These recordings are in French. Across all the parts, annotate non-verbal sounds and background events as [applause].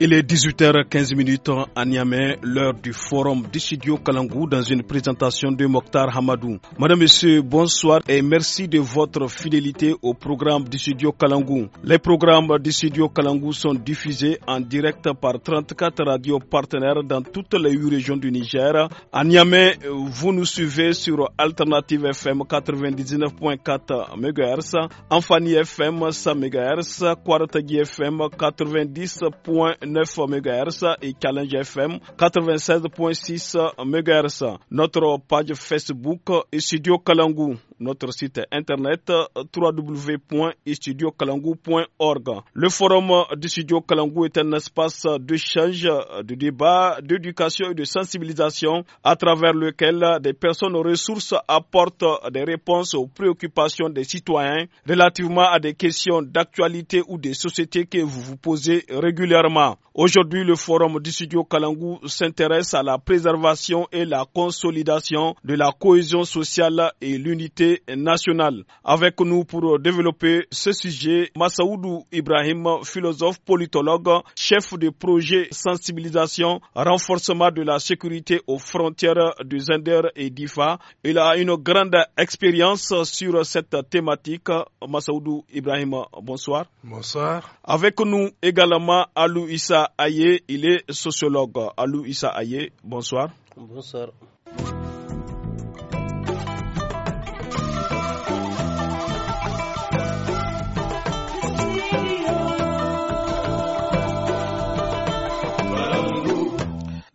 Il est 18h15 à Niamey, l'heure du forum d'Issidio Kalangou dans une présentation de Mokhtar Hamadou. Madame, Monsieur, bonsoir et merci de votre fidélité au programme d'Issidio Kalangou. Les programmes d'Issidio Kalangou sont diffusés en direct par 34 radios partenaires dans toutes les huit régions du Niger. À Niamey, vous nous suivez sur Alternative FM 99.4 MHz, Amphani FM 100 MHz, Quartagui FM 90.1 9 MHz et Challenge FM 96.6 MHz. Notre page Facebook Studio Kalangou notre site internet euh, www.studiokalangu.org. Le forum euh, du studio Kalangu est un espace d'échange, euh, de débat, d'éducation et de sensibilisation à travers lequel des personnes aux ressources apportent des réponses aux préoccupations des citoyens relativement à des questions d'actualité ou des sociétés que vous vous posez régulièrement. Aujourd'hui, le forum du studio Kalangu s'intéresse à la préservation et la consolidation de la cohésion sociale et l'unité National nationale. Avec nous pour développer ce sujet, Massaoudou Ibrahim, philosophe, politologue, chef de projet sensibilisation, renforcement de la sécurité aux frontières du Zender et d'IFA. Il a une grande expérience sur cette thématique. Massaoudou Ibrahim, bonsoir. Bonsoir. Avec nous également Alou Issa Aye, il est sociologue. Alou Issa Aye, bonsoir. Bonsoir.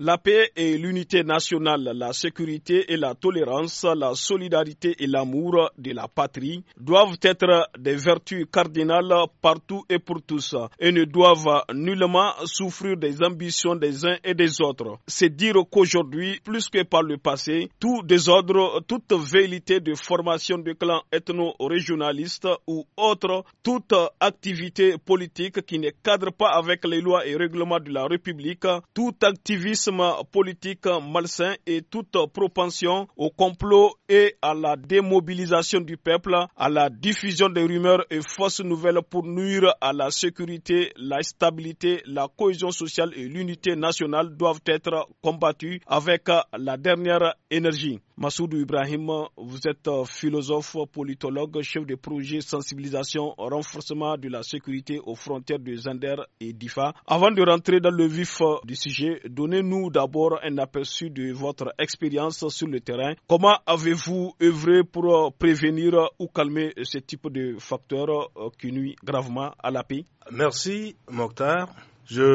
La paix et l'unité nationale, la sécurité et la tolérance, la solidarité et l'amour de la patrie doivent être des vertus cardinales partout et pour tous et ne doivent nullement souffrir des ambitions des uns et des autres. C'est dire qu'aujourd'hui, plus que par le passé, tout désordre, toute vérité de formation de clans ethno-régionalistes ou autres, toute activité politique qui ne cadre pas avec les lois et règlements de la République, tout activiste politique malsain et toute propension au complot et à la démobilisation du peuple, à la diffusion des rumeurs et fausses nouvelles pour nuire à la sécurité, la stabilité, la cohésion sociale et l'unité nationale doivent être combattus avec la dernière énergie. Massoud Ibrahim, vous êtes euh, philosophe, politologue, chef de projet sensibilisation renforcement de la sécurité aux frontières de Zander et d'IFA. Avant de rentrer dans le vif euh, du sujet, donnez-nous d'abord un aperçu de votre expérience sur le terrain. Comment avez-vous œuvré pour euh, prévenir ou calmer ce type de facteurs qui nuit gravement à la paix Merci, Mokhtar. Je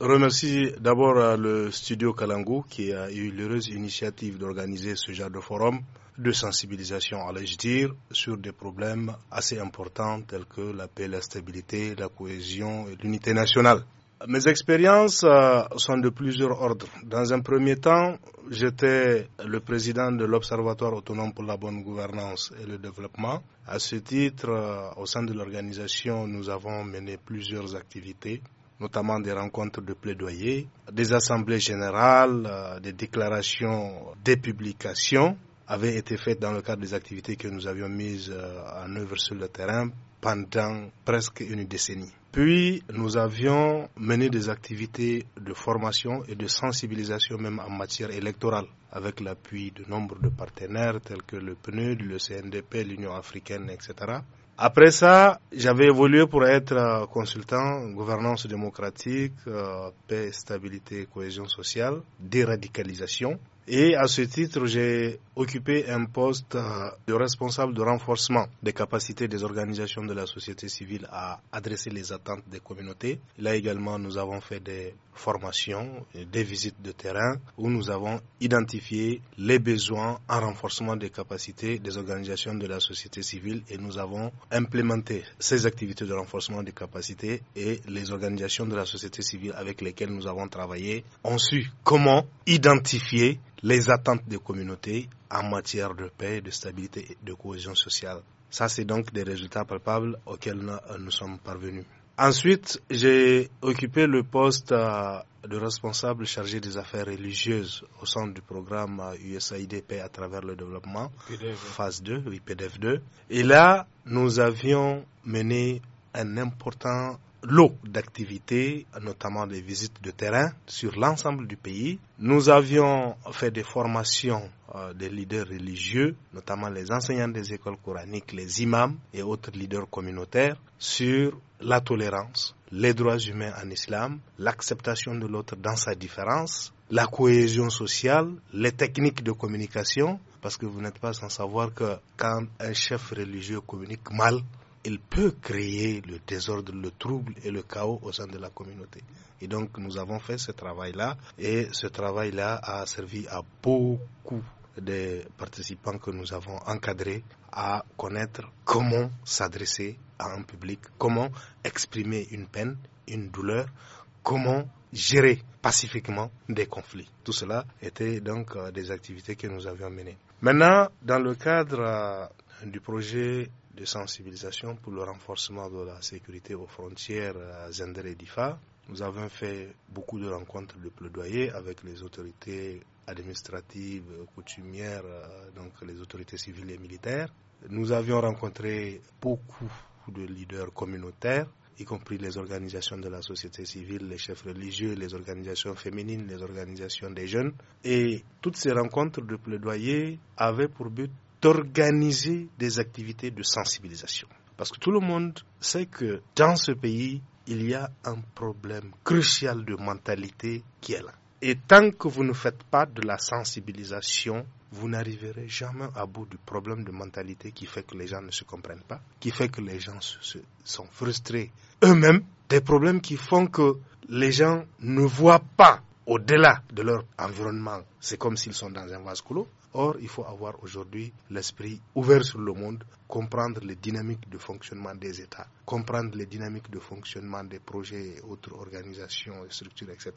remercie d'abord euh, le studio Kalangu qui a eu l'heureuse initiative d'organiser ce genre de forum de sensibilisation, allais-je dire, sur des problèmes assez importants tels que la paix, la stabilité, la cohésion et l'unité nationale. Mes expériences euh, sont de plusieurs ordres. Dans un premier temps, j'étais le président de l'Observatoire autonome pour la bonne gouvernance et le développement. À ce titre, euh, au sein de l'organisation, nous avons mené plusieurs activités notamment des rencontres de plaidoyer, des assemblées générales, euh, des déclarations, des publications avaient été faites dans le cadre des activités que nous avions mises euh, en œuvre sur le terrain pendant presque une décennie. Puis nous avions mené des activités de formation et de sensibilisation même en matière électorale avec l'appui de nombreux de partenaires tels que le PNUD, le CNDP, l'Union africaine, etc. Après ça, j'avais évolué pour être euh, consultant gouvernance démocratique, euh, paix, stabilité, cohésion sociale, déradicalisation. Et à ce titre, j'ai occupé un poste euh, de responsable de renforcement des capacités des organisations de la société civile à adresser les attentes des communautés. Là également, nous avons fait des formation, des visites de terrain où nous avons identifié les besoins en renforcement des capacités des organisations de la société civile et nous avons implémenté ces activités de renforcement des capacités et les organisations de la société civile avec lesquelles nous avons travaillé ont su comment identifier les attentes des communautés en matière de paix, de stabilité et de cohésion sociale. Ça, c'est donc des résultats palpables auxquels nous euh, sommes parvenus. Ensuite, j'ai occupé le poste euh, de responsable chargé des affaires religieuses au sein du programme USAID euh, USAIDP à travers le développement, phase 2, 2. Et là, nous avions mené un important lot d'activités, notamment des visites de terrain sur l'ensemble du pays. Nous avions fait des formations euh, des leaders religieux, notamment les enseignants des écoles coraniques, les imams et autres leaders communautaires, sur la tolérance, les droits humains en islam, l'acceptation de l'autre dans sa différence, la cohésion sociale, les techniques de communication, parce que vous n'êtes pas sans savoir que quand un chef religieux communique mal, il peut créer le désordre, le trouble et le chaos au sein de la communauté. Et donc nous avons fait ce travail-là et ce travail-là a servi à beaucoup des participants que nous avons encadrés à connaître comment s'adresser à un public, comment exprimer une peine, une douleur, comment gérer pacifiquement des conflits. Tout cela était donc euh, des activités que nous avions menées. Maintenant, dans le cadre euh, du projet de sensibilisation pour le renforcement de la sécurité aux frontières à Zender et Difa. Nous avons fait beaucoup de rencontres de plaidoyer avec les autorités administratives, coutumières, euh, donc les autorités civiles et militaires. Nous avions rencontré beaucoup de leaders communautaires, y compris les organisations de la société civile, les chefs religieux, les organisations féminines, les organisations des jeunes. Et toutes ces rencontres de plaidoyer avaient pour but d'organiser des activités de sensibilisation. Parce que tout le monde sait que dans ce pays, il y a un problème crucial de mentalité qui est là. Et tant que vous ne faites pas de la sensibilisation, vous n'arriverez jamais à bout du problème de mentalité qui fait que les gens ne se comprennent pas, qui fait que les gens sont frustrés eux-mêmes, des problèmes qui font que les gens ne voient pas au-delà de leur environnement, c'est comme s'ils sont dans un vase clos. Or, il faut avoir aujourd'hui l'esprit ouvert sur le monde, comprendre les dynamiques de fonctionnement des États, comprendre les dynamiques de fonctionnement des projets et autres organisations et structures, etc.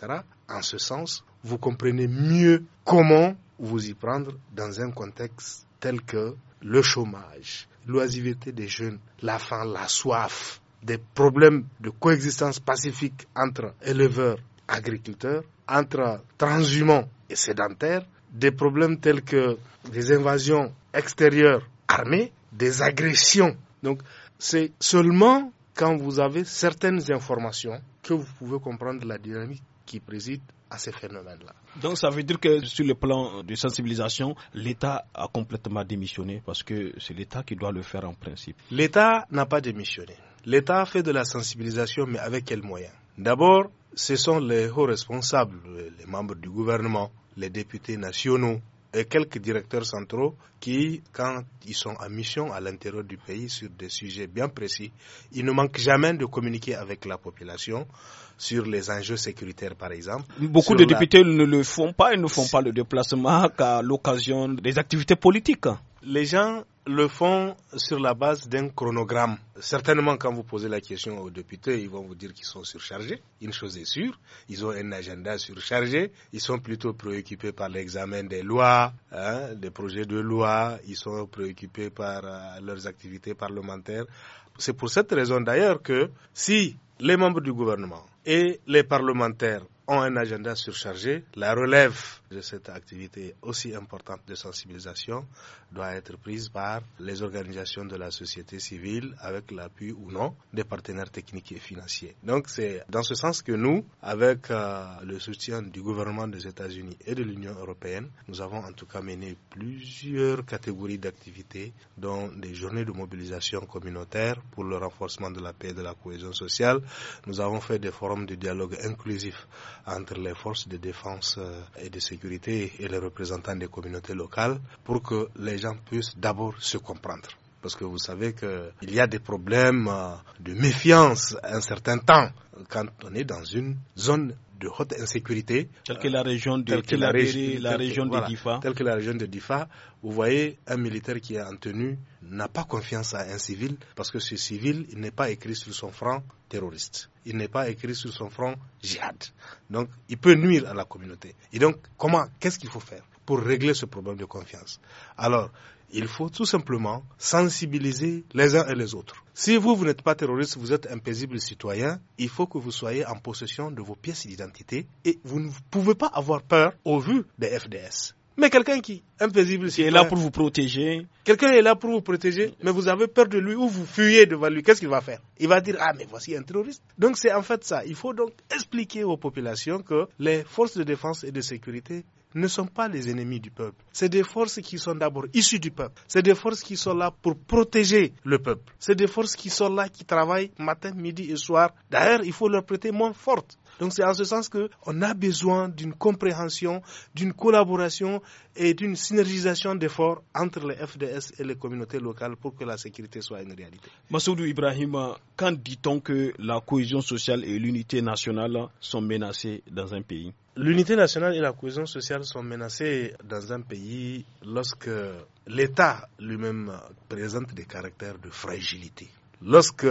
En ce sens, vous comprenez mieux comment vous y prendre dans un contexte tel que le chômage, l'oisiveté des jeunes, la faim, la soif, des problèmes de coexistence pacifique entre éleveurs, agriculteurs, entre transhumants et sédentaires, des problèmes tels que des invasions extérieures armées, des agressions. Donc c'est seulement quand vous avez certaines informations que vous pouvez comprendre la dynamique qui préside à ces phénomènes-là. Donc ça veut dire que sur le plan de sensibilisation, l'État a complètement démissionné parce que c'est l'État qui doit le faire en principe. L'État n'a pas démissionné. L'État a fait de la sensibilisation, mais avec quels moyens D'abord, ce sont les hauts responsables, les membres du gouvernement, les députés nationaux et quelques directeurs centraux qui, quand ils sont en mission à l'intérieur du pays sur des sujets bien précis, ils ne manquent jamais de communiquer avec la population sur les enjeux sécuritaires, par exemple. Beaucoup de députés ne le font pas, ils ne font pas le déplacement qu'à l'occasion des activités politiques les gens le font sur la base d'un chronogramme. Certainement, quand vous posez la question aux députés, ils vont vous dire qu'ils sont surchargés. Une chose est sûre, ils ont un agenda surchargé. Ils sont plutôt préoccupés par l'examen des lois, hein, des projets de loi. Ils sont préoccupés par euh, leurs activités parlementaires. C'est pour cette raison d'ailleurs que si les membres du gouvernement et les parlementaires ont un agenda surchargé, la relève de cette activité aussi importante de sensibilisation doit être prise par les organisations de la société civile avec l'appui ou non des partenaires techniques et financiers. Donc c'est dans ce sens que nous, avec euh, le soutien du gouvernement des États-Unis et de l'Union européenne, nous avons en tout cas mené plusieurs catégories d'activités, dont des journées de mobilisation communautaire pour le renforcement de la paix et de la cohésion sociale. Nous avons fait des forums du de dialogue inclusif entre les forces de défense euh, et de sécurité et les représentants des communautés locales pour que les gens puissent d'abord se comprendre parce que vous savez qu'il y a des problèmes euh, de méfiance un certain temps quand on est dans une zone de haute insécurité. Telle que la euh, région de telle la, région de Difa. telle que la région de Difa, vous voyez, un militaire qui est en tenue n'a pas confiance à un civil parce que ce civil, il n'est pas écrit sur son front terroriste. Il n'est pas écrit sur son front djihad. Donc, il peut nuire à la communauté. Et donc, comment, qu'est-ce qu'il faut faire pour régler ce problème de confiance Alors, il faut tout simplement sensibiliser les uns et les autres. Si vous, vous n'êtes pas terroriste, vous êtes un paisible citoyen, il faut que vous soyez en possession de vos pièces d'identité et vous ne pouvez pas avoir peur au vu des FDS. Mais quelqu'un qui, impaisible, qui est là pour vous protéger. Quelqu'un est là pour vous protéger, mais vous avez peur de lui ou vous fuyez devant lui. Qu'est-ce qu'il va faire Il va dire ah mais voici un terroriste. Donc c'est en fait ça. Il faut donc expliquer aux populations que les forces de défense et de sécurité ne sont pas les ennemis du peuple. C'est des forces qui sont d'abord issues du peuple. C'est des forces qui sont là pour protéger le peuple. C'est des forces qui sont là, qui travaillent matin, midi et soir. D'ailleurs, il faut leur prêter moins forte. Donc c'est en ce sens qu'on a besoin d'une compréhension, d'une collaboration et d'une synergisation d'efforts entre les FDS et les communautés locales pour que la sécurité soit une réalité. Massoudou Ibrahim, quand dit-on que la cohésion sociale et l'unité nationale sont menacées dans un pays L'unité nationale et la cohésion sociale sont menacées dans un pays lorsque l'État lui-même présente des caractères de fragilité. Lorsque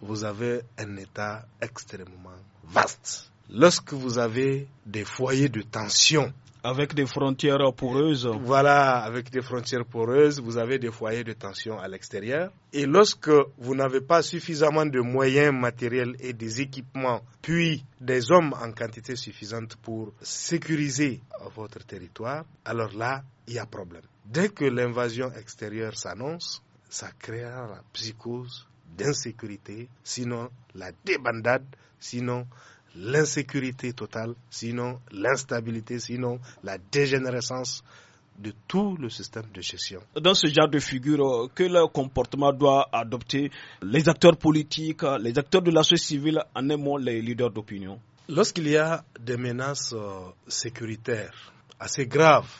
vous avez un État extrêmement vaste, lorsque vous avez des foyers de tension avec des frontières poreuses. Voilà, avec des frontières poreuses, vous avez des foyers de tension à l'extérieur. Et lorsque vous n'avez pas suffisamment de moyens matériels et des équipements, puis des hommes en quantité suffisante pour sécuriser votre territoire, alors là, il y a problème. Dès que l'invasion extérieure s'annonce, ça crée la psychose d'insécurité, sinon la débandade, sinon l'insécurité totale, sinon l'instabilité, sinon la dégénérescence de tout le système de gestion. Dans ce genre de figure, euh, que le comportement doit adopter les acteurs politiques, euh, les acteurs de la société civile, en aimant les leaders d'opinion Lorsqu'il y a des menaces euh, sécuritaires assez graves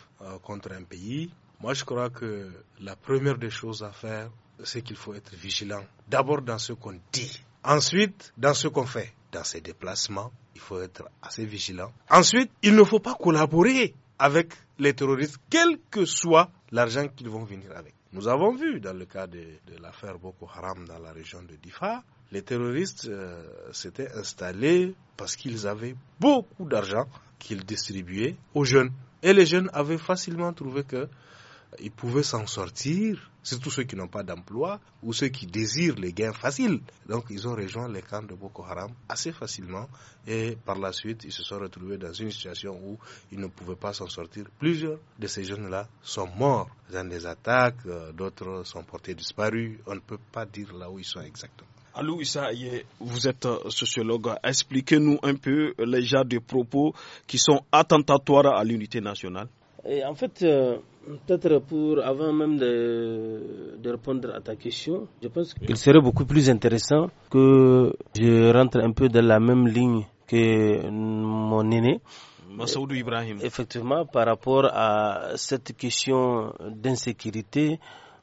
contre un pays, moi je crois que la première des choses à faire, c'est qu'il faut être vigilant. D'abord dans ce qu'on dit, ensuite dans ce qu'on fait dans ces déplacements. Il faut être assez vigilant. Ensuite, il ne faut pas collaborer avec les terroristes, quel que soit l'argent qu'ils vont venir avec. Nous avons vu dans le cas de, l'affaire Boko Haram dans la région de Difa, les terroristes euh, s'étaient installés parce qu'ils avaient beaucoup d'argent qu'ils distribuaient aux jeunes. Et les jeunes avaient facilement trouvé que ils pouvaient s'en sortir, surtout ceux qui n'ont pas d'emploi ou ceux qui désirent les gains faciles. Donc ils ont rejoint les camps de Boko Haram assez facilement et par la suite ils se sont retrouvés dans une situation où ils ne pouvaient pas s'en sortir. Plusieurs de ces jeunes-là sont morts dans des attaques, euh, d'autres sont portés disparus. On ne peut pas dire là où ils sont exactement. Alou vous êtes euh, sociologue. Expliquez-nous un peu les genres de propos qui sont attentatoires à l'unité nationale. en fait, euh, Peut-être pour, avant même de, de, répondre à ta question, je pense qu'il serait beaucoup plus intéressant que je rentre un peu dans la même ligne que mon aîné. Ibrahim. Effectivement, par rapport à cette question d'insécurité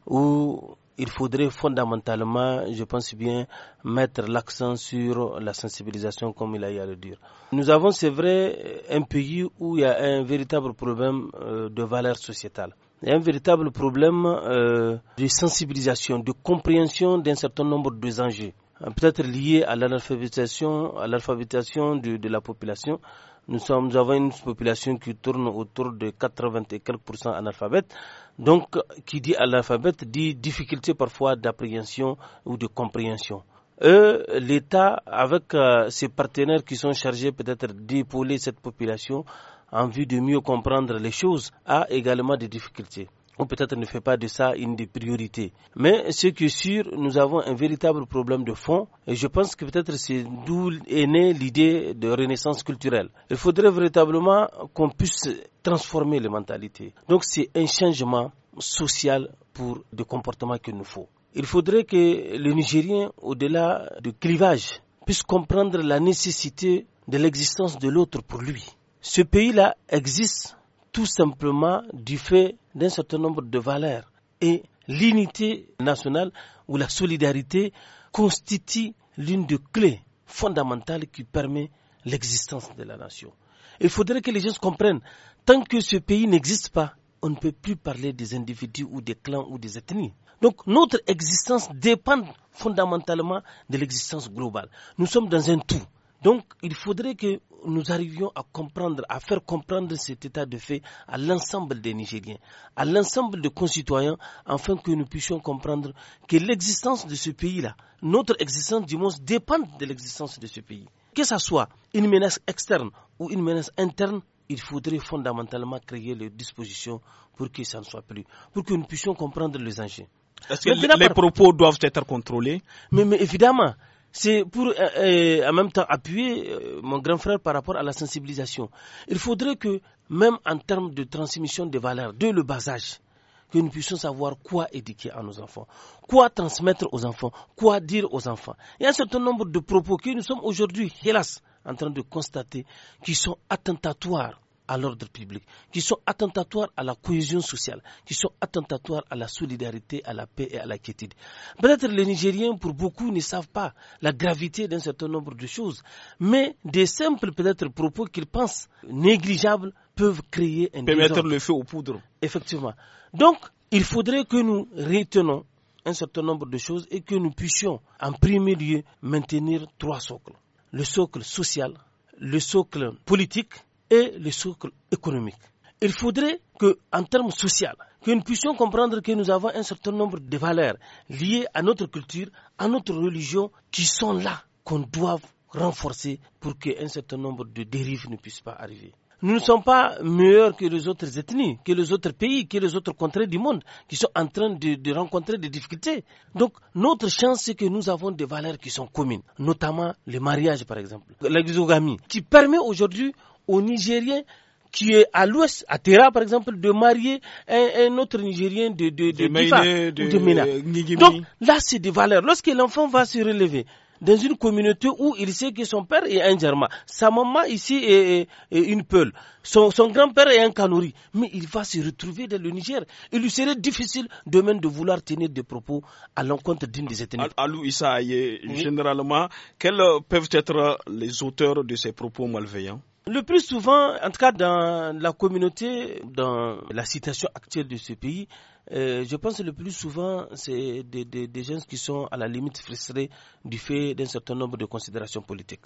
où il faudrait fondamentalement, je pense bien, mettre l'accent sur la sensibilisation, comme il a eu à le dire. Nous avons, c'est vrai, un pays où il y a un véritable problème euh, de valeur sociétale. Il y a un véritable problème euh, de sensibilisation, de compréhension d'un certain nombre de enjeux, hein, peut-être liés à l'alphabétisation, à l'alphabétisation de, la population, nous, sommes, avons une population qui tourne autour de 80 et analphabètes. Donc, qui dit analphabète dit difficulté parfois d'appréhension ou de compréhension. Eux, l'État, avec euh, ses partenaires qui sont chargés peut-être d'épauler cette population en vue de mieux comprendre les choses, a également des difficultés. On peut-être ne fait pas de ça une des priorités. Mais ce qui est sûr, nous avons un véritable problème de fond et je pense que peut-être c'est d'où est née l'idée de renaissance culturelle. Il faudrait véritablement qu'on puisse transformer les mentalités. Donc c'est un changement social pour le comportement qu'il nous faut. Il faudrait que le Nigérien, au-delà du clivage, puisse comprendre la nécessité de l'existence de l'autre pour lui. Ce pays-là existe tout simplement du fait d'un certain nombre de valeurs. Et l'unité nationale ou la solidarité constitue l'une des clés fondamentales qui permet l'existence de la nation. Il faudrait que les gens comprennent, tant que ce pays n'existe pas, on ne peut plus parler des individus ou des clans ou des ethnies. Donc notre existence dépend fondamentalement de l'existence globale. Nous sommes dans un tout. Donc, il faudrait que nous arrivions à comprendre, à faire comprendre cet état de fait à l'ensemble des Nigériens, à l'ensemble des concitoyens, afin que nous puissions comprendre que l'existence de ce pays-là, notre existence du monde, dépend de l'existence de ce pays. Que ce soit une menace externe ou une menace interne, il faudrait fondamentalement créer les dispositions pour que ça ne soit plus, pour que nous puissions comprendre les enjeux. Est-ce que les, propos doivent être contrôlés mais évidemment, c'est pour euh, euh, en même temps appuyer euh, mon grand frère par rapport à la sensibilisation. Il faudrait que, même en termes de transmission des valeurs, de le basage, que nous puissions savoir quoi éduquer à nos enfants, quoi transmettre aux enfants, quoi dire aux enfants. Il y a un certain nombre de propos que nous sommes aujourd'hui, hélas, en train de constater, qui sont attentatoires à l'ordre public, qui sont attentatoires à la cohésion sociale, qui sont attentatoires à la solidarité, à la paix et à la quiétude. Peut-être les Nigériens, pour beaucoup, ne savent pas la gravité d'un certain nombre de choses, mais des simples peut-être propos qu'ils pensent négligeables peuvent créer un Peut le feu aux poudres. Effectivement. Donc, il faudrait que nous retenons un certain nombre de choses et que nous puissions, en premier lieu, maintenir trois socles. Le socle social, le socle politique et le socle économique. Il faudrait que, en termes sociaux, que nous puissions comprendre que nous avons un certain nombre de valeurs liées à notre culture, à notre religion, qui sont là, qu'on doit renforcer pour qu'un certain nombre de dérives ne puissent pas arriver. Nous ne sommes pas meilleurs que les autres ethnies, que les autres pays, que les autres contrées du monde qui sont en train de, de rencontrer des difficultés. Donc, notre chance, c'est que nous avons des valeurs qui sont communes, notamment le mariage, par exemple, l'exogamie, qui permet aujourd'hui au Nigérien qui est à l'ouest, à Terra par exemple, de marier un, autre Nigérien de, de, Mena. Donc là, c'est des valeurs. Lorsque l'enfant va se relever dans une communauté où il sait que son père est un Germain, sa maman ici est, une peule son, grand-père est un canori mais il va se retrouver dans le Niger. Il lui serait difficile de même de vouloir tenir des propos à l'encontre d'une des ethnies. Alou Issa généralement, quels peuvent être les auteurs de ces propos malveillants le plus souvent, en tout cas dans la communauté, dans la situation actuelle de ce pays, euh, je pense que le plus souvent, c'est des, des, gens qui sont à la limite frustrés du fait d'un certain nombre de considérations politiques.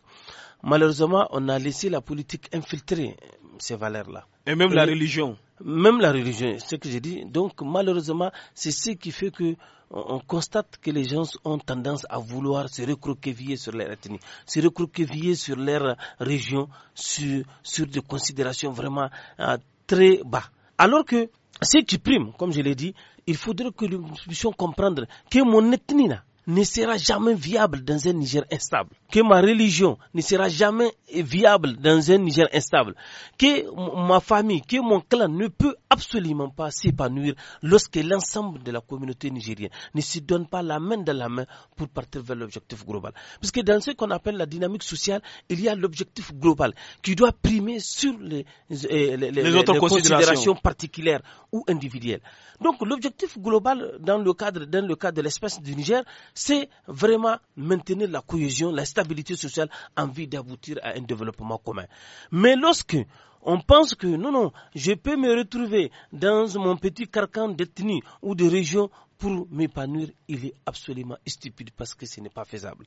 Malheureusement, on a laissé la politique infiltrer ces valeurs-là. Et même la religion même la religion, ce que j'ai dit. Donc malheureusement, c'est ce qui fait que euh, on constate que les gens ont tendance à vouloir se recroqueviller sur leur ethnie, se recroqueviller sur leur région, sur, sur des considérations vraiment euh, très bas. Alors que ce qui prime, comme je l'ai dit, il faudrait que nous puissions comprendre que mon ethnie là, ne sera jamais viable dans un Niger instable, que ma religion ne sera jamais viable dans un Niger instable, que ma famille, que mon clan ne peut absolument pas s'épanouir lorsque l'ensemble de la communauté nigérienne ne se donne pas la main dans la main pour partir vers l'objectif global. Parce que dans ce qu'on appelle la dynamique sociale, il y a l'objectif global qui doit primer sur les, euh, autres considérations. particulières ou individuelles. Donc l'objectif global dans le cadre, dans le cadre de l'espèce du Niger, c'est vraiment maintenir la cohésion, la stabilité sociale en vue d'aboutir à un développement commun. Mais lorsque on pense que non, non, je peux me retrouver dans mon petit carcan d'ethnie ou de région pour m'épanouir, il est absolument stupide parce que ce n'est pas faisable.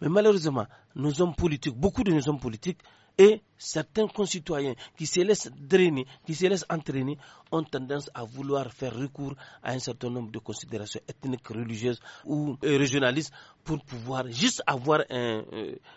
Mais malheureusement, nos hommes politiques, beaucoup de nos hommes politiques, et certains concitoyens qui se laissent drainer, qui se laissent entraîner, ont tendance à vouloir faire recours à un certain nombre de considérations ethniques, religieuses ou euh, régionalistes pour pouvoir juste avoir euh,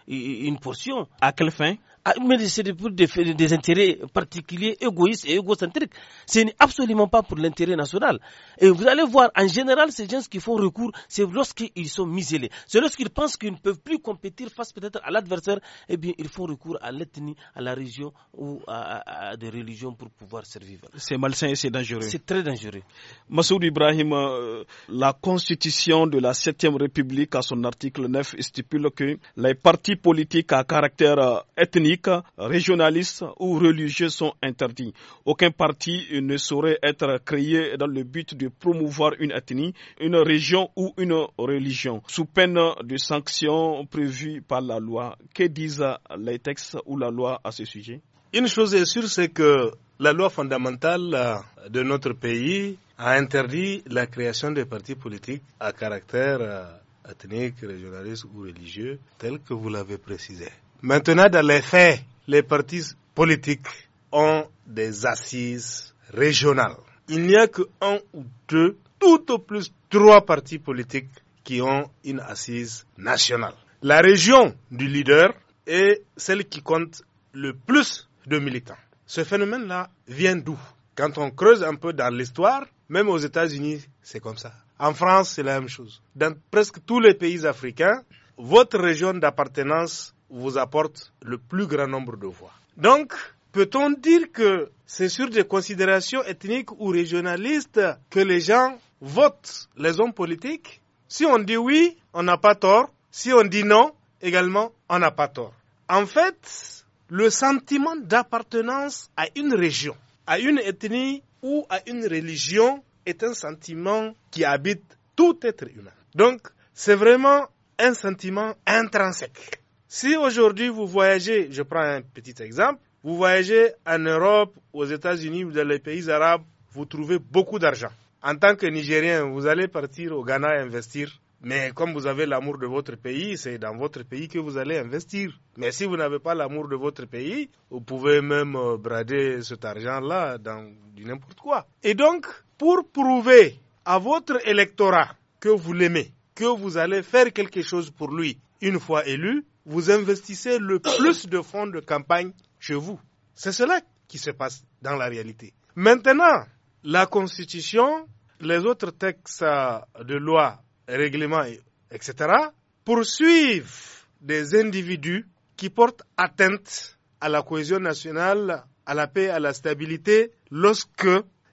une portion. À quelle fin ah, Mais c'est pour des, intérêts particuliers, égoïstes et égocentriques. Ce n'est absolument pas pour l'intérêt national. Et vous allez voir, en général, ces gens qui font recours, c'est lorsqu'ils sont misélés. C'est lorsqu'ils pensent qu'ils ne peuvent plus compétir face peut-être à l'adversaire, eh bien, ils font recours à l'ethnie, à la région ou à, des religions pour pouvoir survivre. C'est malsain et c'est dangereux. C'est très dangereux. Massoud Ibrahim, euh, la constitution de la Septième République, à son article 9, stipule que les partis politiques à caractère euh, ethnique, régionaliste ou religieux sont interdits. Aucun parti ne saurait être créé dans le but de promouvoir une ethnie, une région ou une religion, sous peine de sanctions prévues par la loi. Que disent euh, les textes ou la loi à ce sujet Une chose est sûre, c'est que la loi fondamentale euh, de notre pays a interdit la création de partis politiques à caractère euh, ethnique, régionaliste ou religieux, tel que vous l'avez précisé. Maintenant, dans les faits, les partis politiques ont des assises régionales. Il n'y a que un ou deux, tout au plus trois partis politiques qui ont une assise nationale. La région du leader est celle qui compte le plus de militants. Ce phénomène-là vient d'où Quand on creuse un peu dans l'histoire, même aux États-Unis, c'est comme ça. En France, c'est la même chose. Dans presque tous les pays africains, votre région d'appartenance vous apporte le plus grand nombre de voix. Donc, peut-on dire que c'est sur des considérations ethniques ou régionalistes que les gens votent les hommes politiques Si on dit oui, on n'a pas tort. Si on dit non, également, on n'a pas tort. En fait, le sentiment d'appartenance à une région, à une ethnie ou à une religion est un sentiment qui habite tout être humain. Donc, c'est vraiment un sentiment intrinsèque. Si aujourd'hui vous voyagez, je prends un petit exemple, vous voyagez en Europe, aux États-Unis ou dans les pays arabes, vous trouvez beaucoup d'argent. En tant que Nigérien, vous allez partir au Ghana investir mais comme vous avez l'amour de votre pays, c'est dans votre pays que vous allez investir. Mais si vous n'avez pas l'amour de votre pays, vous pouvez même euh, brader cet argent-là dans du n'importe quoi. Et donc, pour prouver à votre électorat que vous l'aimez, que vous allez faire quelque chose pour lui une fois élu, vous investissez le plus de fonds de campagne chez vous. C'est cela qui se passe dans la réalité. Maintenant, la Constitution, les autres textes de loi règlement, etc., poursuivent des individus qui portent atteinte à la cohésion nationale, à la paix, à la stabilité, lorsque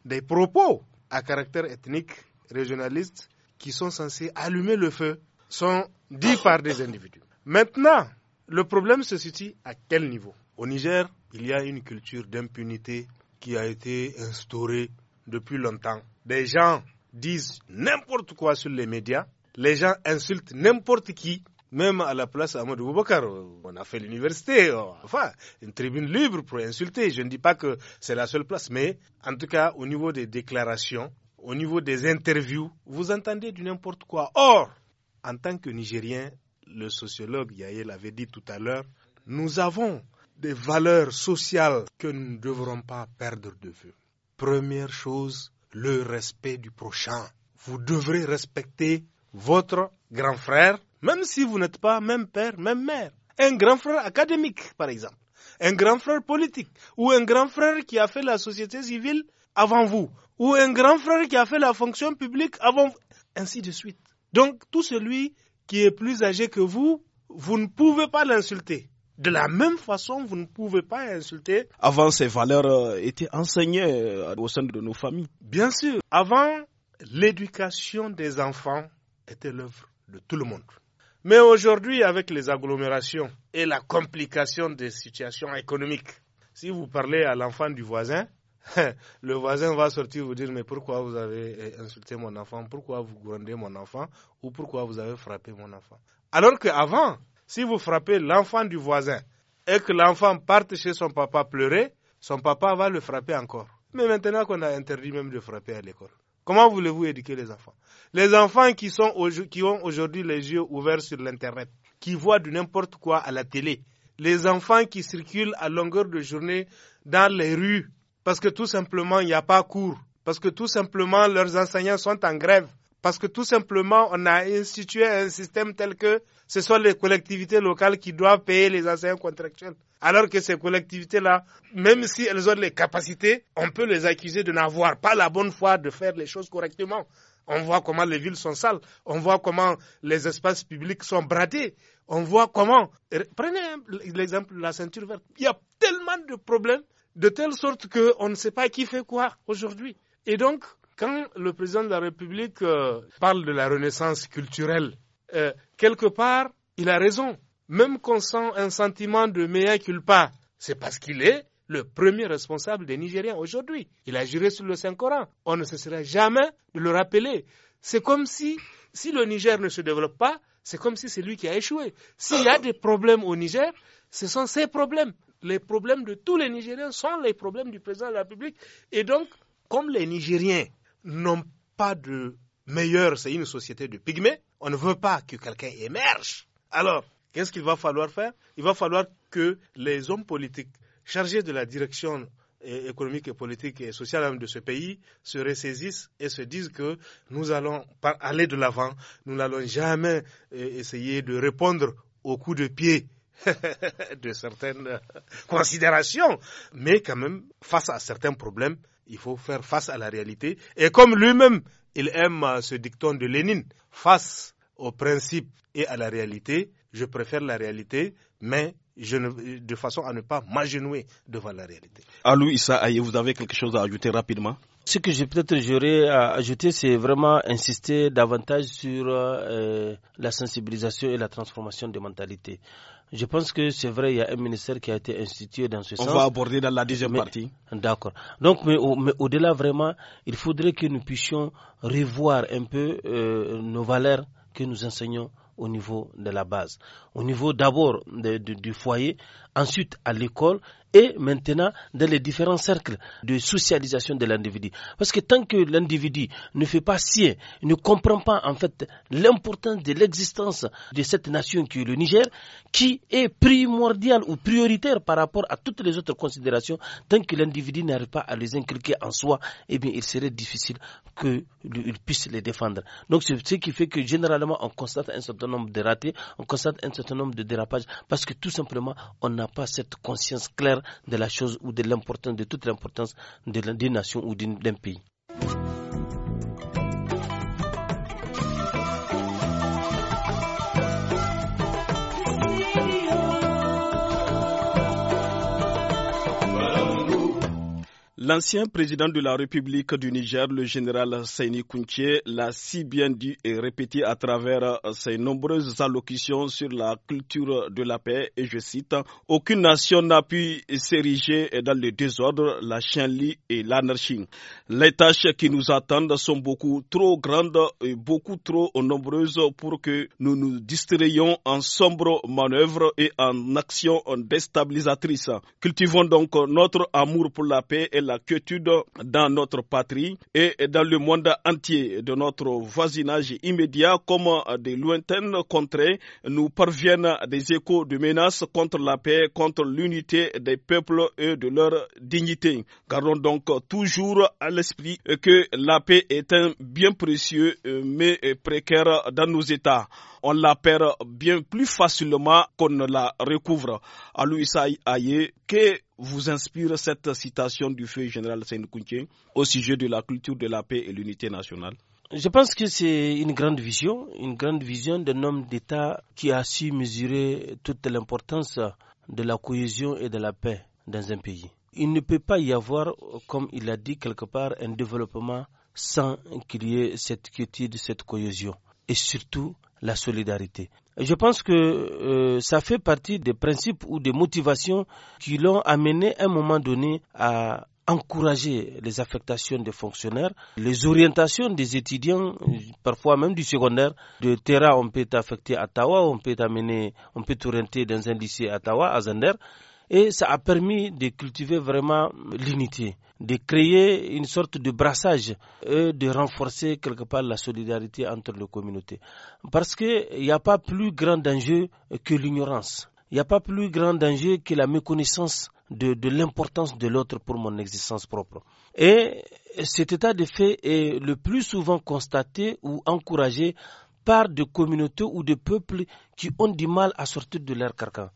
des propos à caractère ethnique, régionaliste, qui sont censés allumer le feu, sont dits par des individus. Maintenant, le problème se situe à quel niveau Au Niger, il y a une culture d'impunité qui a été instaurée depuis longtemps. Des gens disent n'importe quoi sur les médias, les gens insultent n'importe qui, même à la place Amadou Boubacar. On a fait l'université, euh, enfin, une tribune libre pour insulter. Je ne dis pas que c'est la seule place, mais en tout cas, au niveau des déclarations, au niveau des interviews, vous entendez du n'importe quoi. Or, en tant que Nigérien, le sociologue Yael avait dit tout à l'heure, nous avons des valeurs sociales que nous ne devrons pas perdre de vue. Première chose, le respect du prochain. Vous devrez respecter votre grand frère, même si vous n'êtes pas même père, même mère. Un grand frère académique, par exemple. Un grand frère politique. Ou un grand frère qui a fait la société civile avant vous. Ou un grand frère qui a fait la fonction publique avant vous. Ainsi de suite. Donc, tout celui qui est plus âgé que vous, vous ne pouvez pas l'insulter. De la même façon, vous ne pouvez pas insulter. Avant, ces valeurs euh, étaient enseignées euh, au sein de nos familles. Bien sûr. Avant, l'éducation des enfants était l'œuvre de tout le monde. Mais aujourd'hui, avec les agglomérations et la complication des situations économiques, si vous parlez à l'enfant du voisin, [laughs] le voisin va sortir vous dire mais pourquoi vous avez euh, insulté mon enfant, pourquoi vous grondez mon enfant ou pourquoi vous avez frappé mon enfant. Alors qu'avant, si vous frappez l'enfant du voisin et que l'enfant parte chez son papa pleurer, son papa va le frapper encore. Mais maintenant qu'on a interdit même de frapper à l'école, comment voulez-vous éduquer les enfants Les enfants qui, sont qui ont aujourd'hui les yeux ouverts sur l'Internet, qui voient de n'importe quoi à la télé, les enfants qui circulent à longueur de journée dans les rues, parce que tout simplement, il n'y a pas cours, parce que tout simplement, leurs enseignants sont en grève, parce que tout simplement, on a institué un système tel que ce sont les collectivités locales qui doivent payer les enseignants contractuels. Alors que ces collectivités-là, même si elles ont les capacités, on peut les accuser de n'avoir pas la bonne foi de faire les choses correctement. On voit comment les villes sont sales, on voit comment les espaces publics sont bradés, on voit comment... Euh, prenez l'exemple de la ceinture verte. Il y a tellement de problèmes, de telle sorte qu'on ne sait pas qui fait quoi aujourd'hui. Et donc, quand le président de la République euh, parle de la renaissance culturelle, euh, quelque part, il a raison. Même qu'on sent un sentiment de méa culpa, c'est parce qu'il est le premier responsable des Nigériens aujourd'hui. Il a juré sur le Saint-Coran. On ne cessera jamais de le rappeler. C'est comme si, si le Niger ne se développe pas, c'est comme si c'est lui qui a échoué. S'il y a des problèmes au Niger, ce sont ses problèmes. Les problèmes de tous les Nigériens sont les problèmes du président de la République. Et donc, comme les Nigériens n'ont pas de meilleur, c'est une société de pygmées. On ne veut pas que quelqu'un émerge. Alors, qu'est-ce qu'il va falloir faire Il va falloir que les hommes politiques chargés de la direction euh, économique et politique et sociale de ce pays se ressaisissent et se disent que nous allons aller de l'avant, nous n'allons jamais euh, essayer de répondre aux coups de pied [laughs] de certaines considérations, mais quand même face à certains problèmes, il faut faire face à la réalité. Et comme lui-même, il aime euh, ce dicton de Lénine, face aux principes et à la réalité, je préfère la réalité, mais je ne, de façon à ne pas m'agenouer devant la réalité. Alou Issa vous avez quelque chose à ajouter rapidement Ce que j'ai peut-être à ajouter, c'est vraiment insister davantage sur euh, la sensibilisation et la transformation des mentalités. Je pense que c'est vrai, il y a un ministère qui a été institué dans ce sens. On va aborder dans la deuxième partie. D'accord. Donc, mais, au-delà, vraiment, il faudrait que nous puissions revoir un peu euh, nos valeurs que nous enseignons au niveau de la base. Au niveau d'abord du foyer, ensuite à l'école et maintenant dans les différents cercles de socialisation de l'individu. Parce que tant que l'individu ne fait pas sien, ne comprend pas en fait l'importance de l'existence de cette nation qui est le Niger, qui est primordial ou prioritaire par rapport à toutes les autres considérations, tant que l'individu n'arrive pas à les inculquer en soi, eh bien il serait difficile qu'il puisse les défendre. Donc c'est ce qui fait que généralement on constate un certain nombre de ratés, on constate un certain nombre de dérapages, parce que tout simplement on a n'a pas cette conscience claire de la chose ou de l'importance, de toute l'importance d'une nation ou d'un pays. L'ancien président de la République du Niger, le général Seyni Kounché, l'a si bien dit et répété à travers euh, ses nombreuses allocutions sur la culture de la paix, et je cite, Aucune nation n'a pu s'ériger dans le désordre, la chienlit et l'anarchie. Les tâches qui nous attendent sont beaucoup trop grandes et beaucoup trop nombreuses pour que nous nous distrayons en sombres manœuvres et en actions déstabilisatrices. Cultivons donc notre amour pour la paix et la tu dans notre patrie et dans le monde entier de notre voisinage immédiat comme des lointaines contrées nous parviennent des échos de menaces contre la paix, contre l'unité des peuples et de leur dignité. Gardons donc toujours à l'esprit que la paix est un bien précieux mais précaire dans nos États. On la perd bien plus facilement qu'on ne la recouvre. Aloïsa Aye, que vous inspire cette citation du feu général Senkounché au sujet de la culture de la paix et l'unité nationale Je pense que c'est une grande vision, une grande vision d'un homme d'État qui a su mesurer toute l'importance de la cohésion et de la paix dans un pays. Il ne peut pas y avoir, comme il l'a dit quelque part, un développement sans qu'il y ait cette quiétude, cette cohésion et surtout la solidarité. Je pense que euh, ça fait partie des principes ou des motivations qui l'ont amené à un moment donné à encourager les affectations des fonctionnaires, les orientations des étudiants, parfois même du secondaire. De Terra, on peut affecté à Tawa, on peut amené, on peut t'orienter dans un lycée à Tawa, à Zander. Et ça a permis de cultiver vraiment l'unité, de créer une sorte de brassage et de renforcer quelque part la solidarité entre les communautés. Parce qu'il n'y a pas plus grand danger que l'ignorance. Il n'y a pas plus grand danger que la méconnaissance de, l'importance de l'autre pour mon existence propre. Et cet état de fait est le plus souvent constaté ou encouragé par des communautés ou des peuples qui ont du mal à sortir de leur carcan.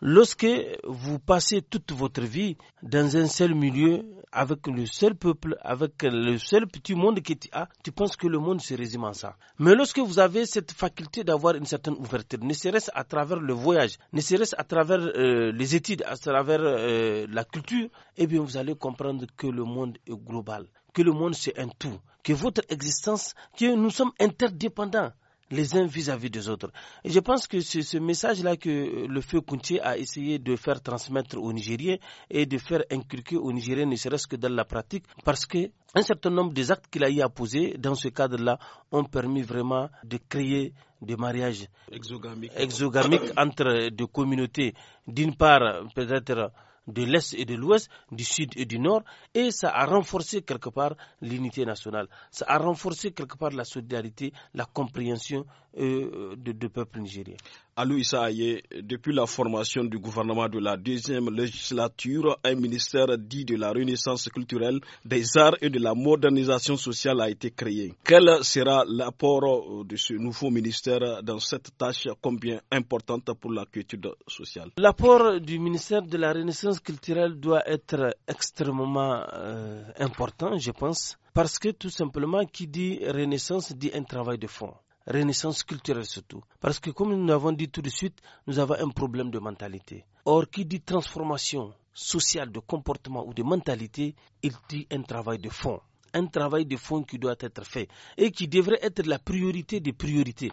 Lorsque vous passez toute votre vie dans un seul milieu, avec le seul peuple, avec le seul petit monde que tu as, tu penses que le monde se résume à ça. Mais lorsque vous avez cette faculté d'avoir une certaine ouverture, ne serait-ce à travers le voyage, ne serait-ce à travers euh, les études, à travers euh, la culture, eh bien vous allez comprendre que le monde est global, que le monde c'est un tout, que votre existence, que nous sommes interdépendants les uns vis-à-vis des autres. Et je pense que c'est ce message-là que euh, le feu coutier a essayé de faire transmettre aux Nigériens et de faire inculquer aux Nigériens, ne serait-ce que dans la pratique, parce que un certain nombre des actes qu'il a eu à poser dans ce cadre-là ont permis vraiment de créer des mariages exogamiques, exogamiques entre deux communautés. D'une part, peut-être de l'Est et de l'Ouest, du Sud et du Nord, et ça a renforcé quelque part l'unité nationale, ça a renforcé quelque part la solidarité, la compréhension euh, de, peuple nigérien. Alou depuis la formation du gouvernement de la deuxième législature, un ministère dit de la renaissance culturelle, des arts et de la modernisation sociale a été créé. Quel sera l'apport euh, de ce nouveau ministère dans cette tâche combien importante pour la culture sociale L'apport du ministère de la renaissance culturelle doit être extrêmement euh, important, je pense, parce que tout simplement, qui dit renaissance dit un travail de fond renaissance culturelle surtout. Parce que comme nous l'avons dit tout de suite, nous avons un problème de mentalité. Or, qui dit transformation sociale de comportement ou de mentalité, il dit un travail de fond. Un travail de fond qui doit être fait et qui devrait être la priorité des priorités.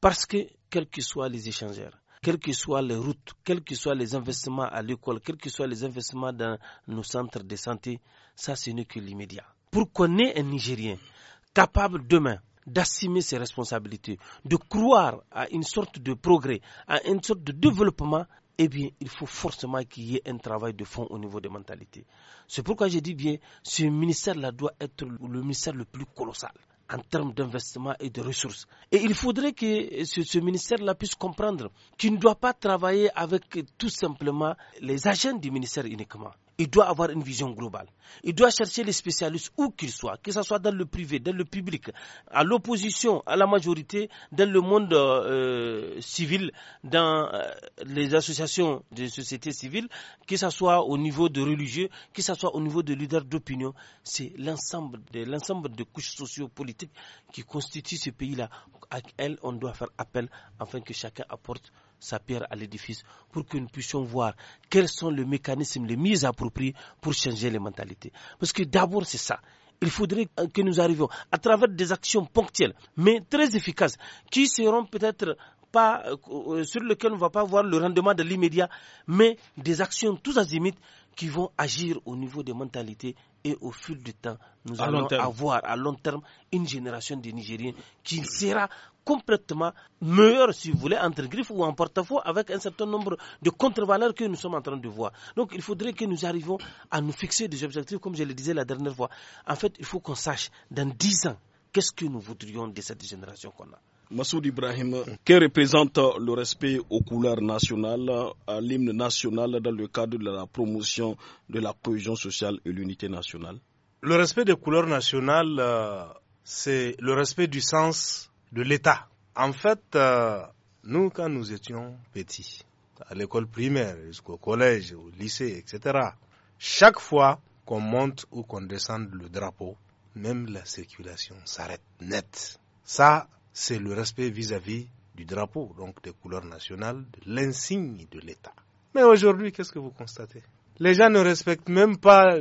Parce que, quels que soient les échangeurs, quelles que soient les routes, quels que soient les investissements à l'école, quels que soient les investissements dans nos centres de santé, ça ce n'est que l'immédiat. Pour qu'on ait un Nigérien capable demain d'assumer ses responsabilités, de croire à une sorte de progrès, à une sorte de développement, eh bien, il faut forcément qu'il y ait un travail de fond au niveau des mentalités. C'est pourquoi je dis bien, ce ministère-là doit être le ministère le plus colossal en termes d'investissement et de ressources. Et il faudrait que ce, ce ministère-là puisse comprendre qu'il ne doit pas travailler avec tout simplement les agents du ministère uniquement il doit avoir une vision globale. Il doit chercher les spécialistes où qu'ils soient, que ce soit dans le privé, dans le public, à l'opposition, à la majorité, dans le monde euh, civil, dans euh, les associations de sociétés civiles, que ce soit au niveau de religieux, que ce soit au niveau de leaders d'opinion. C'est l'ensemble de l'ensemble de couches sociopolitiques qui constituent ce pays-là. À elles, on doit faire appel afin que chacun apporte sa pierre à l'édifice pour que nous puissions voir quels sont les mécanismes les mieux appropriés pour changer les mentalités. Parce que d'abord, c'est ça. Il faudrait que nous arrivions à travers des actions ponctuelles, mais très efficaces, qui seront peut-être pas, euh, sur lesquelles on ne va pas voir le rendement de l'immédiat, mais des actions tous azimuts qui vont agir au niveau des mentalités et au fil du temps, nous allons avoir à long terme une génération de Nigériens qui sera complètement meilleur, si vous voulez, entre griffes ou en porte-à-faux avec un certain nombre de contre-valeurs que nous sommes en train de voir. Donc il faudrait que nous arrivions à nous fixer des objectifs, comme je le disais la dernière fois. En fait, il faut qu'on sache dans dix ans qu'est-ce que nous voudrions de cette génération qu'on a. Massoud Ibrahim, que représente le respect aux couleurs nationales, à l'hymne national dans le cadre de la promotion de la cohésion sociale et l'unité nationale Le respect des couleurs nationales, euh, c'est le respect du sens de l'État. En fait, euh, nous, quand nous étions petits, à l'école primaire, jusqu'au collège, au lycée, etc., chaque fois qu'on monte ou qu'on descend le drapeau, même la circulation s'arrête net. Ça, c'est le respect vis-à-vis -vis du drapeau, donc des couleurs nationales, de l'insigne de l'État. Mais aujourd'hui, qu'est-ce que vous constatez Les gens ne respectent même pas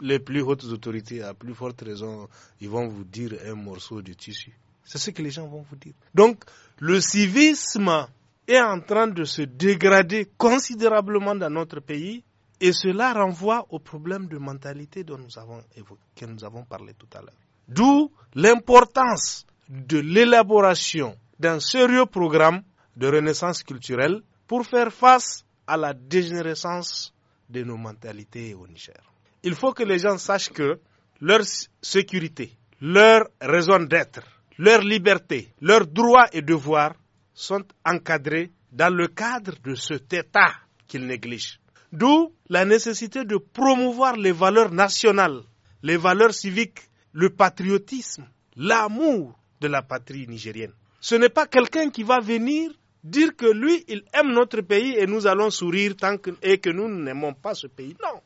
les plus hautes autorités, à plus forte raison, ils vont vous dire un morceau de tissu. C'est ce que les gens vont vous dire. Donc, le civisme est en train de se dégrader considérablement dans notre pays et cela renvoie au problème de mentalité dont nous avons évoqué, nous avons parlé tout à l'heure. D'où l'importance de l'élaboration d'un sérieux programme de renaissance culturelle pour faire face à la dégénérescence de nos mentalités au Niger. Il faut que les gens sachent que leur sécurité, leur raison d'être leur liberté, leurs droits et devoirs sont encadrés dans le cadre de cet État qu'ils négligent. D'où la nécessité de promouvoir les valeurs nationales, les valeurs civiques, le patriotisme, l'amour de la patrie nigérienne. Ce n'est pas quelqu'un qui va venir dire que lui, il aime notre pays et nous allons sourire tant que, et que nous n'aimons pas ce pays. Non.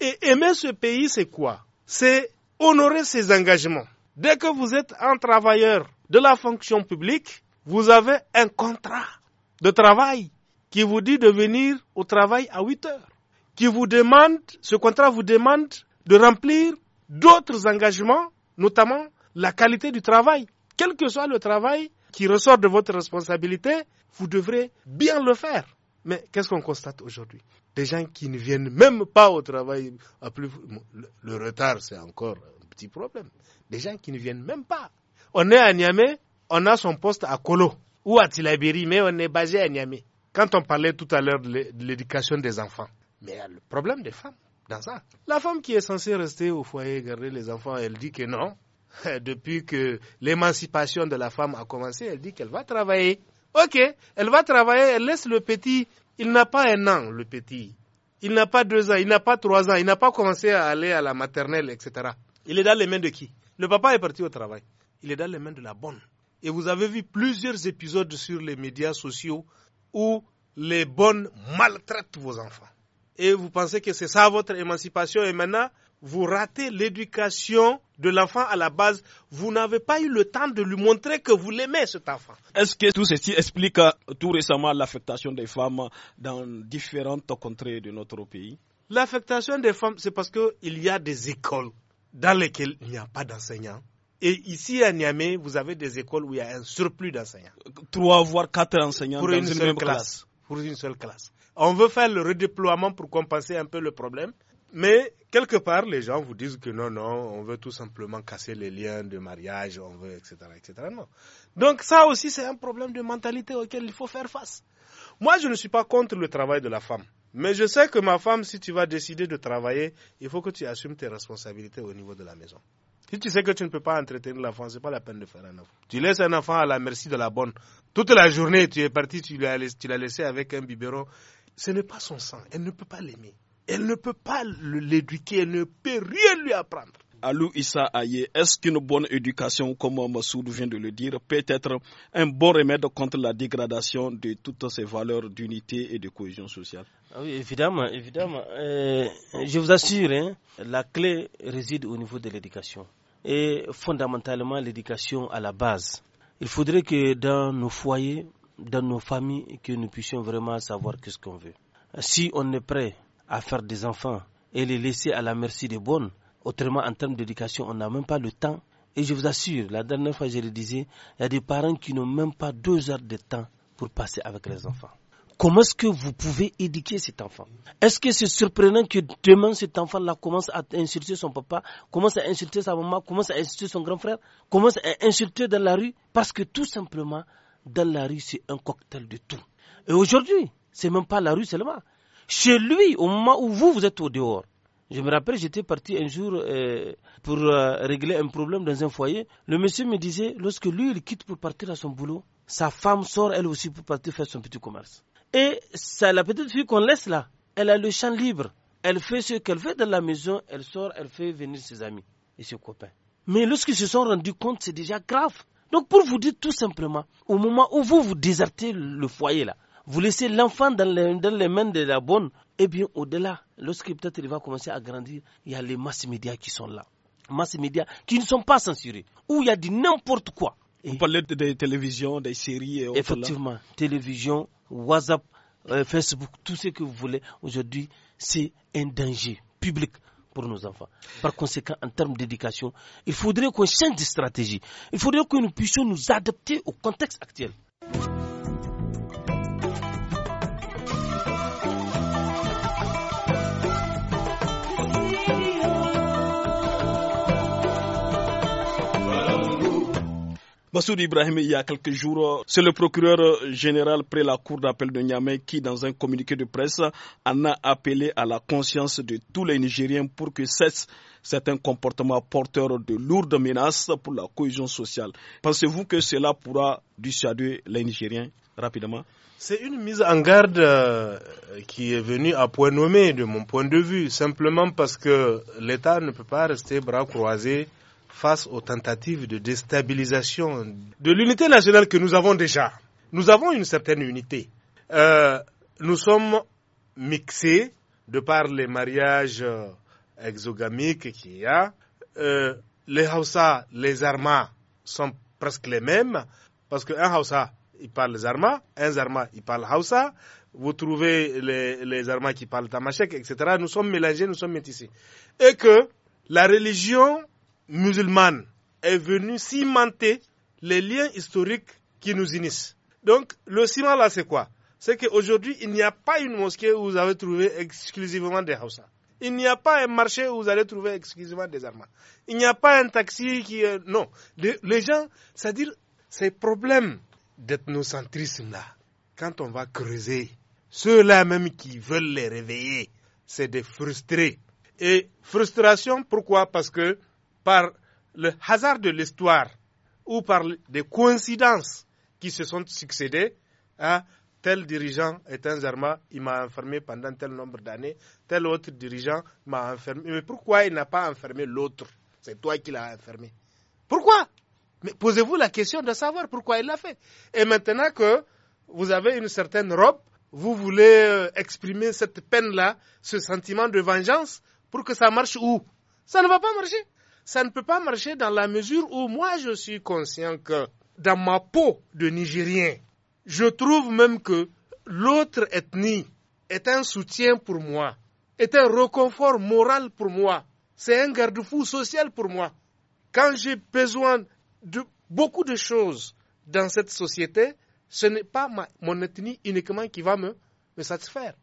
Et aimer ce pays, c'est quoi C'est honorer ses engagements, Dès que vous êtes un travailleur de la fonction publique, vous avez un contrat de travail qui vous dit de venir au travail à 8 heures, qui vous demande, ce contrat vous demande de remplir d'autres engagements, notamment la qualité du travail. Quel que soit le travail qui ressort de votre responsabilité, vous devrez bien le faire. Mais qu'est-ce qu'on constate aujourd'hui Des gens qui ne viennent même pas au travail, à plus, le retard c'est encore euh, petit problème. Des gens qui ne viennent même pas. On est à Niamey, on a son poste à Kolo ou à Tilabiri, mais on est basé à Niamey. Quand on parlait tout à l'heure de l'éducation des enfants, mais le problème des femmes dans ça. La femme qui est censée rester au foyer et garder les enfants, elle dit que non. [laughs] Depuis que l'émancipation de la femme a commencé, elle dit qu'elle va travailler. Ok, elle va travailler, elle laisse le petit. Il n'a pas un an, le petit. Il n'a pas deux ans, il n'a pas trois ans, il n'a pas commencé à aller à la maternelle, etc. Il est dans les mains de qui Le papa est parti au travail. Il est dans les mains de la bonne. Et vous avez vu plusieurs épisodes sur les médias sociaux où les bonnes maltraitent vos enfants. Et vous pensez que c'est ça votre émancipation et maintenant vous ratez l'éducation de l'enfant à la base. Vous n'avez pas eu le temps de lui montrer que vous l'aimez, cet enfant. Est-ce que tout ceci explique euh, tout récemment l'affectation des femmes dans différentes contrées de notre pays L'affectation des femmes, c'est parce qu'il y a des écoles dans lesquelles il n'y a pas d'enseignants. Et ici à Niamey, vous avez des écoles où il y a un surplus d'enseignants. Trois voire quatre enseignants pour dans une, seule même classe. Pour une seule classe. On veut faire le redéploiement pour compenser un peu le problème. Mais quelque part, les gens vous disent que non, non, on veut tout simplement casser les liens de mariage, on veut, etc., etc. Non. Donc ça aussi, c'est un problème de mentalité auquel il faut faire face. Moi, je ne suis pas contre le travail de la femme. Mais je sais que ma femme, si tu vas décider de travailler, il faut que tu assumes tes responsabilités au niveau de la maison. Si tu sais que tu ne peux pas entretenir l'enfant, ce n'est pas la peine de faire un enfant. Tu laisses un enfant à la merci de la bonne. Toute la journée, tu es parti, tu l'as laissé avec un biberon. Ce n'est pas son sang. Elle ne peut pas l'aimer. Elle ne peut pas l'éduquer. Elle ne peut rien lui apprendre. Alou Issa Aye, est-ce qu'une bonne éducation, comme Massoud vient de le dire, peut être un bon remède contre la dégradation de toutes ces valeurs d'unité et de cohésion sociale ah Oui, évidemment, évidemment. Euh, je vous assure, hein, la clé réside au niveau de l'éducation. Et fondamentalement, l'éducation à la base. Il faudrait que dans nos foyers, dans nos familles, que nous puissions vraiment savoir ce qu'on veut. Si on est prêt à faire des enfants et les laisser à la merci des bonnes, Autrement, en termes d'éducation, on n'a même pas le temps. Et je vous assure, la dernière fois, je le disais, il y a des parents qui n'ont même pas deux heures de temps pour passer avec les enfants. Comment est-ce que vous pouvez éduquer cet enfant Est-ce que c'est surprenant que demain cet enfant-là commence à insulter son papa, commence à insulter sa maman, commence à insulter son grand frère, commence à insulter dans la rue Parce que tout simplement, dans la rue, c'est un cocktail de tout. Et aujourd'hui, c'est même pas la rue seulement. Chez lui, au moment où vous, vous êtes au dehors, je me rappelle, j'étais parti un jour euh, pour euh, régler un problème dans un foyer. Le monsieur me disait, lorsque lui, il quitte pour partir à son boulot, sa femme sort elle aussi pour partir faire son petit commerce. Et ça, la petite fille qu'on laisse là, elle a le champ libre. Elle fait ce qu'elle fait dans la maison, elle sort, elle fait venir ses amis et ses copains. Mais lorsqu'ils se sont rendus compte, c'est déjà grave. Donc pour vous dire tout simplement, au moment où vous vous désertez le foyer là, vous laissez l'enfant dans les, mains de la bonne, eh bien au-delà, lorsque peut-être il va commencer à grandir, il y a les masses médias qui sont là. Masses médias qui ne sont pas censurés, où il y a du n'importe quoi. vous parlez des de télévisions, des séries Effectivement, télévision, WhatsApp, euh, Facebook, tout ce que vous voulez, aujourd'hui, c'est un danger public pour nos enfants. Par conséquent, en termes d'éducation, il faudrait qu'on change de stratégie. Il faudrait que nous puissions nous adapter au contexte actuel. Bassoud Ibrahim, il y a quelques jours, c'est le procureur général près la cour d'appel de Niamey qui, dans un communiqué de presse, en a appelé à la conscience de tous les Nigériens pour que cesse certains comportements porteurs de lourdes menaces pour la cohésion sociale. Pensez-vous que cela pourra dissuader les Nigériens rapidement C'est une mise en garde euh, qui est venue à point nommé de mon point de vue, simplement parce que l'État ne peut pas rester bras croisés face aux tentatives de déstabilisation de l'unité nationale que nous avons déjà. Nous avons une certaine unité. Euh, nous sommes mixés de par les mariages euh, exogamiques qu'il y a. Euh, les Hausa, les Armas sont presque les mêmes parce qu'un Hausa, il parle les Zarma, un Zarma, il parle Hausa. Vous trouvez les, les qui parlent Tamashek, etc. Nous sommes mélangés, nous sommes métissés. Et que la religion musulmane est venu cimenter les liens historiques qui nous unissent. Donc, le ciment là, c'est quoi C'est qu'aujourd'hui, il n'y a pas une mosquée où vous avez trouvé exclusivement des Hausa. Il n'y a pas un marché où vous allez trouver exclusivement des armes. Il n'y a pas un taxi qui. non. Les, gens, c'est-à-dire, ces problèmes d'ethnocentrisme-là, quand on va creuser, ceux-là même qui veulent les réveiller, c'est de frustrés. Et frustration, pourquoi Parce que par le hasard de l'histoire ou par des coïncidences qui se sont succédées, hein, tel dirigeant est un Zarma, il m'a enfermé pendant tel nombre d'années, tel autre dirigeant m'a enfermé. Mais pourquoi il n'a pas enfermé l'autre C'est toi qui l'as enfermé. Pourquoi Mais posez-vous la question de savoir pourquoi il l'a fait. Et maintenant que vous avez une certaine robe, vous voulez euh, exprimer cette peine-là, ce sentiment de vengeance, pour que ça marche où Ça ne va pas marcher ça ne peut pas marcher dans la mesure où moi je suis conscient que dans ma peau de Nigérien, je trouve même que l'autre ethnie est un soutien pour moi, est un reconfort moral pour moi, c'est un garde-fou social pour moi. Quand j'ai besoin de beaucoup de choses dans cette société, ce n'est pas mon ethnie uniquement qui va me, me satisfaire.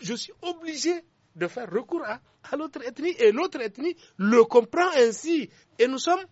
Je suis obligé de faire recours à, l'autre ethnie et l'autre ethnie le comprend ainsi et nous sommes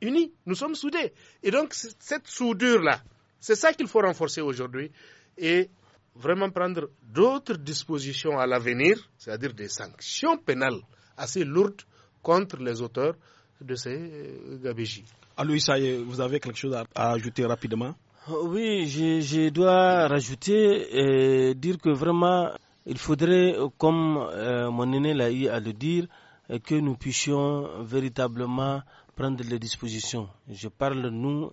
unis, nous sommes soudés. Et donc cette soudure-là, c'est ça qu'il faut renforcer aujourd'hui et vraiment prendre d'autres dispositions à l'avenir, c'est-à-dire des sanctions pénales assez lourdes contre les auteurs de ces euh, gabégies. Aloïs, vous avez quelque chose à ajouter rapidement oui, je, dois rajouter et dire que vraiment il faudrait, euh, comme euh, mon aîné l'a eu à le dire, euh, que nous puissions véritablement prendre les dispositions. Je parle, nous,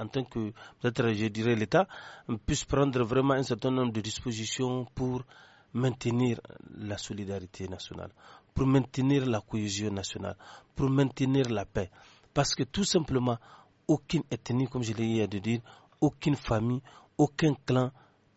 en tant que, peut-être je dirais l'État, puisse prendre vraiment un certain nombre de dispositions pour maintenir la solidarité nationale, pour maintenir la cohésion nationale, pour maintenir la paix. Parce que tout simplement, aucune ethnie, comme je l'ai eu à le dire, aucune famille, aucun clan,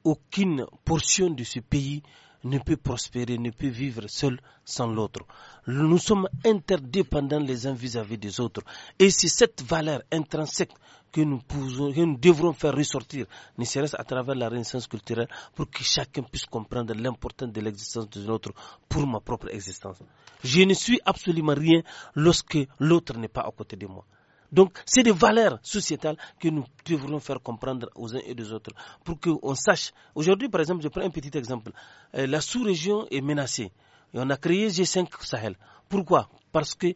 aucune portion de ce pays ne peut prospérer, ne peut vivre seul sans l'autre. Nous sommes interdépendants les uns vis-à-vis des autres. Et c'est cette valeur intrinsèque que nous, pouvons, que nous devrons faire ressortir, ne serait-ce à travers la renaissance culturelle, pour que chacun puisse comprendre l'importance de l'existence de l'autre pour ma propre existence. Je ne suis absolument rien lorsque l'autre n'est pas à côté de moi. Donc, c'est des valeurs sociétales que nous devrons faire comprendre aux uns et aux autres pour qu'on sache. Aujourd'hui, par exemple, je prends un petit exemple. Euh, la sous-région est menacée. Et on a créé G5 Sahel. Pourquoi Parce que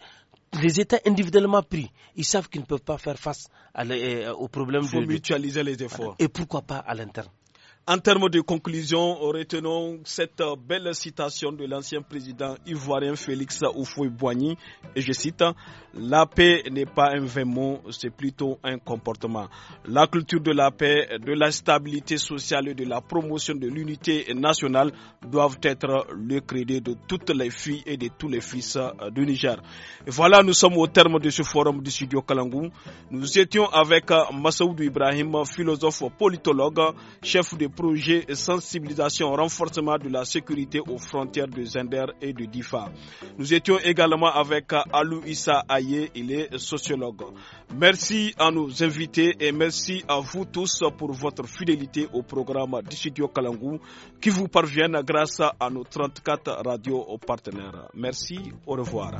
les États individuellement pris, ils savent qu'ils ne peuvent pas faire face euh, aux problèmes. Il faut mutualiser les efforts. Et pourquoi pas à l'interne en termes de conclusion, retenons cette euh, belle citation de l'ancien président ivoirien Félix oufoui boigny et je cite "La paix n'est pas un vain mot, c'est plutôt un comportement. La culture de la paix, de la stabilité sociale et de la promotion de l'unité nationale doivent être le crédit de toutes les filles et de tous les fils euh, du Niger." voilà, nous sommes au terme de ce forum du studio Kalangou. Nous étions avec euh, Massoud Ibrahim, philosophe politologue, chef de projet sensibilisation renforcement de la sécurité aux frontières de Zender et de Difa. Nous étions également avec Alou Aye, il est sociologue. Merci à nos invités et merci à vous tous pour votre fidélité au programme studio Kalangou qui vous parvient grâce à nos 34 radios partenaires. Merci, au revoir.